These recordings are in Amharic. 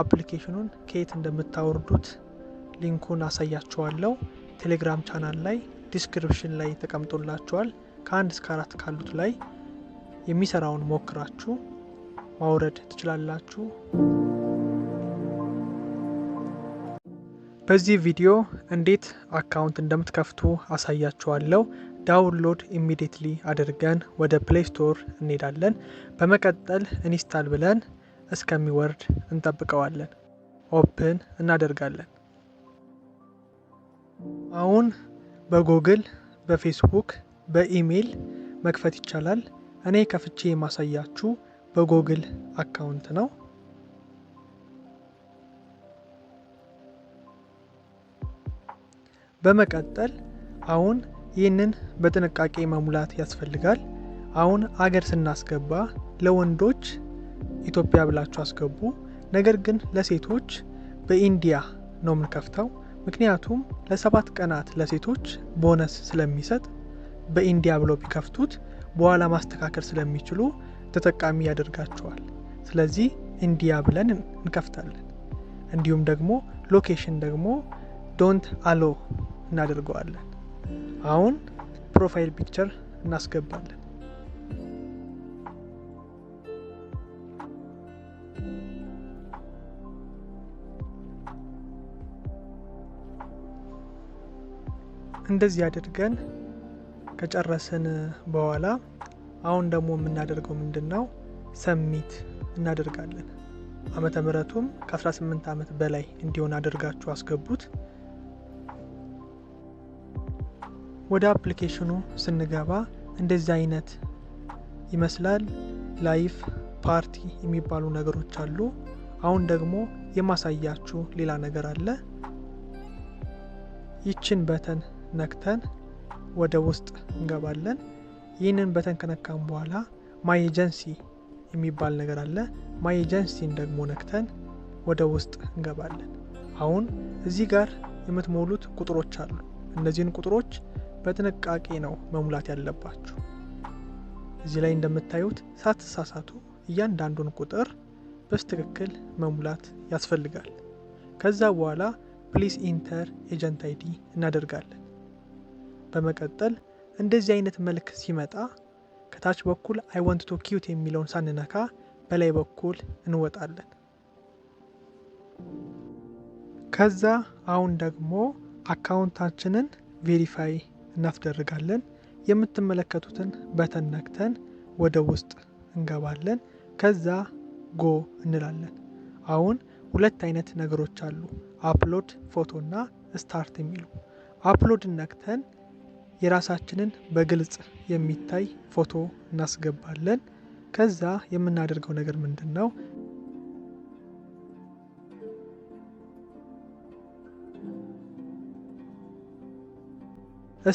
አፕሊኬሽኑን ከየት እንደምታወርዱት ሊንኩን አሳያችኋለሁ። ቴሌግራም ቻናል ላይ ዲስክሪፕሽን ላይ ተቀምጦላችኋል። ከአንድ እስከ አራት ካሉት ላይ የሚሰራውን ሞክራችሁ ማውረድ ትችላላችሁ። በዚህ ቪዲዮ እንዴት አካውንት እንደምትከፍቱ አሳያችኋለሁ። ዳውንሎድ ኢሚዲየትሊ አድርገን ወደ ፕሌይ ስቶር እንሄዳለን። በመቀጠል ኢንስታል ብለን እስከሚወርድ እንጠብቀዋለን። ኦፕን እናደርጋለን። አሁን በጎግል በፌስቡክ በኢሜይል መክፈት ይቻላል። እኔ ከፍቼ የማሳያችሁ በጎግል አካውንት ነው። በመቀጠል አሁን ይህንን በጥንቃቄ መሙላት ያስፈልጋል። አሁን አገር ስናስገባ ለወንዶች ኢትዮጵያ ብላችሁ አስገቡ። ነገር ግን ለሴቶች በኢንዲያ ነው የምንከፍተው። ምክንያቱም ለሰባት ቀናት ለሴቶች ቦነስ ስለሚሰጥ በኢንዲያ ብለው ቢከፍቱት በኋላ ማስተካከል ስለሚችሉ ተጠቃሚ ያደርጋቸዋል። ስለዚህ ኢንዲያ ብለን እንከፍታለን። እንዲሁም ደግሞ ሎኬሽን ደግሞ ዶንት አሎ እናደርገዋለን። አሁን ፕሮፋይል ፒክቸር እናስገባለን። እንደዚህ አድርገን ከጨረስን በኋላ አሁን ደግሞ የምናደርገው ምንድን ነው? ሰሚት እናደርጋለን። አመተ ምረቱም ከ18 ዓመት በላይ እንዲሆን አድርጋችሁ አስገቡት። ወደ አፕሊኬሽኑ ስንገባ እንደዚህ አይነት ይመስላል። ላይፍ ፓርቲ የሚባሉ ነገሮች አሉ። አሁን ደግሞ የማሳያችሁ ሌላ ነገር አለ። ይችን በተን ነክተን ወደ ውስጥ እንገባለን። ይህንን በተንከነካም በኋላ ማይ ኤጀንሲ የሚባል ነገር አለ። ማይ ኤጀንሲን ደግሞ ነክተን ወደ ውስጥ እንገባለን። አሁን እዚህ ጋር የምትሞሉት ቁጥሮች አሉ። እነዚህን ቁጥሮች በጥንቃቄ ነው መሙላት ያለባችሁ። እዚህ ላይ እንደምታዩት ሳትሳሳቱ እያንዳንዱን ቁጥር በስትክክል መሙላት ያስፈልጋል። ከዛ በኋላ ፕሊስ ኢንተር ኤጀንት አይዲ እናደርጋለን። በመቀጠል እንደዚህ አይነት መልክ ሲመጣ ከታች በኩል አይ ዋንት ቱ ኪዩት የሚለውን ሳንነካ በላይ በኩል እንወጣለን። ከዛ አሁን ደግሞ አካውንታችንን ቬሪፋይ እናስደርጋለን። የምትመለከቱትን በተን ነክተን ወደ ውስጥ እንገባለን። ከዛ ጎ እንላለን። አሁን ሁለት አይነት ነገሮች አሉ፣ አፕሎድ ፎቶ እና ስታርት የሚሉ። አፕሎድ ነክተን የራሳችንን በግልጽ የሚታይ ፎቶ እናስገባለን። ከዛ የምናደርገው ነገር ምንድን ነው?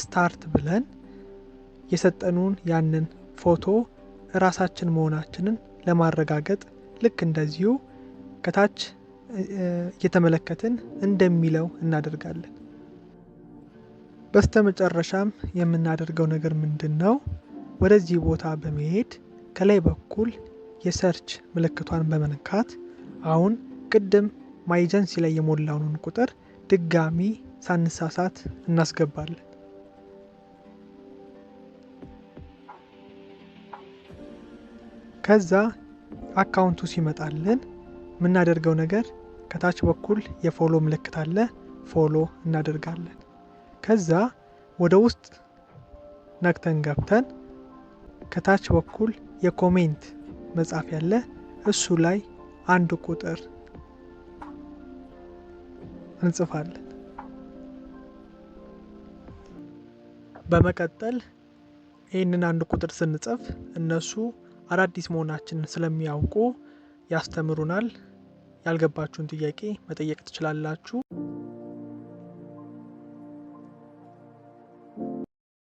ስታርት ብለን የሰጠኑን ያንን ፎቶ እራሳችን መሆናችንን ለማረጋገጥ ልክ እንደዚሁ ከታች እየተመለከትን እንደሚለው እናደርጋለን። በስተመጨረሻም የምናደርገው ነገር ምንድነው? ወደዚህ ቦታ በመሄድ ከላይ በኩል የሰርች ምልክቷን በመንካት አሁን ቅድም ማይጀንሲ ላይ የሞላውን ቁጥር ድጋሚ ሳንሳሳት እናስገባለን። ከዛ አካውንቱ ሲመጣልን የምናደርገው ነገር ከታች በኩል የፎሎ ምልክት አለ። ፎሎ እናደርጋለን። ከዛ ወደ ውስጥ ነክተን ገብተን ከታች በኩል የኮሜንት መጻፍ ያለ እሱ ላይ አንድ ቁጥር እንጽፋለን። በመቀጠል ይህንን አንድ ቁጥር ስንጽፍ እነሱ አዳዲስ መሆናችንን ስለሚያውቁ ያስተምሩናል። ያልገባችሁን ጥያቄ መጠየቅ ትችላላችሁ።